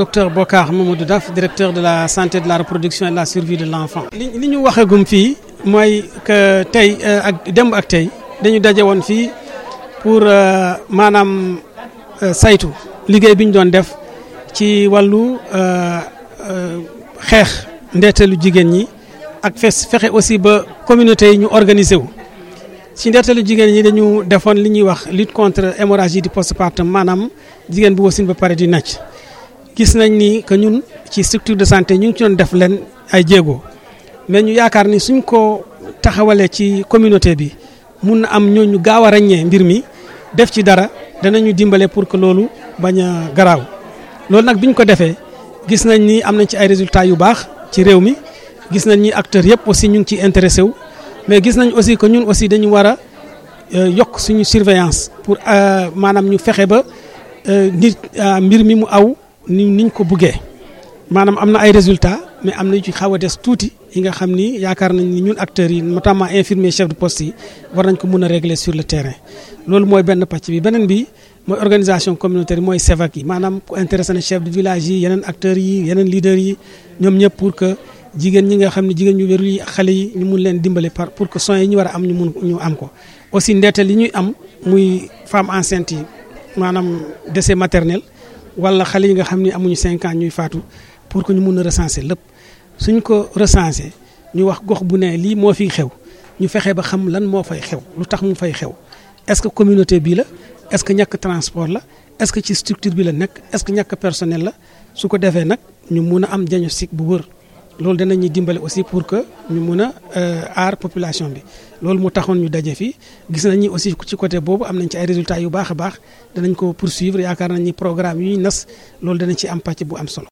docteur Bokar Mamadou Daf directeur de la santé de la reproduction et de la survie de l' enfant. li li ñu waxagum fii mooy que tey euh, ak démb ak tey dañu daje woon fii pour euh, maanaam euh, saytu liggéey bi ñu doon def ci wàllu xeex ndeetalu jigéen ñi ak fees fexe aussi ba communauté yi ñu organiser wu. ci ndeetalu jigéen ñi dañu defoon li ñuy wax lutte contre hémorragie du part maanaam jigéen bu wasin ba pare di nàcc. gis nañ ni que ñun ci structure de santé ñu ngi ci doon def leen ay jéego mais ñu yaakaar ni suñ ko taxawalee ci communauté bi mun na am ñooñu gaaw a ràññee mbir mi def ci dara danañu dimbale pour que loolu bañ a garaaw loolu nag biñ ko defee gis nañ ni am nañ ci ay résultats yu baax ci réew mi gis nañ ñi acteurs yëpp aussi ñu ngi ciy intéressé wu mais gis nañ aussi que ñun aussi dañu war a euh, yokk suñu surveillance pour euh, maanaam ñu fexe ba euh, nit mbir mi mu aw. ni niñ ko buggee maanaam am na ay résultat mais am na yu ci xaw a des tuuti yi nga xam ni yaakaar nañ ni ñun acteur yi notamment infirmier chef de post yi war nañ ko mun a régler sur le terrain loolu mooy benn pàcc bi beneen bi mooy organisation communautaire mooy SEVAC yi maanaam ku intéressé na chef de village yi yeneen acteurs yi yeneen leaders yi ñoom ñëpp pour que jigéen ñi nga xam ne jigéen ñu wérul yi xale yi ñu mun leen dimbale par pour que son yi ñu a am ñu mun ko aussi ndeetal yi ñuy am muy femme enceinte yi maanaam décès maternel wala xale yi nga xam ne amuñu cinq ans ñuy faatu pour que ñu mun a recenser lépp suñ ko recenser ñu wax gox bu ne lii moo fiy xew ñu fexe ba xam lan moo fay xew lu tax mu fay xew est-ce que communauté bi la est-ce que ñàkk transport la est-ce que ci structure bi la nekk est-ce que ñàkk personnel la su ko defee nag ñu mun a am diagnostic bu wër. loolu danañuy dimbale aussi pour que ñu mun a euh, aar population bi loolu moo taxoon ñu daje fi gis nañ ni aussi ci côté boobu am nañ ci ay résultat yu baax a baax danañ ko poursuivre yaakaar nañ ni programme yu ñuy nas loolu dana ci am pàcc bu am solo.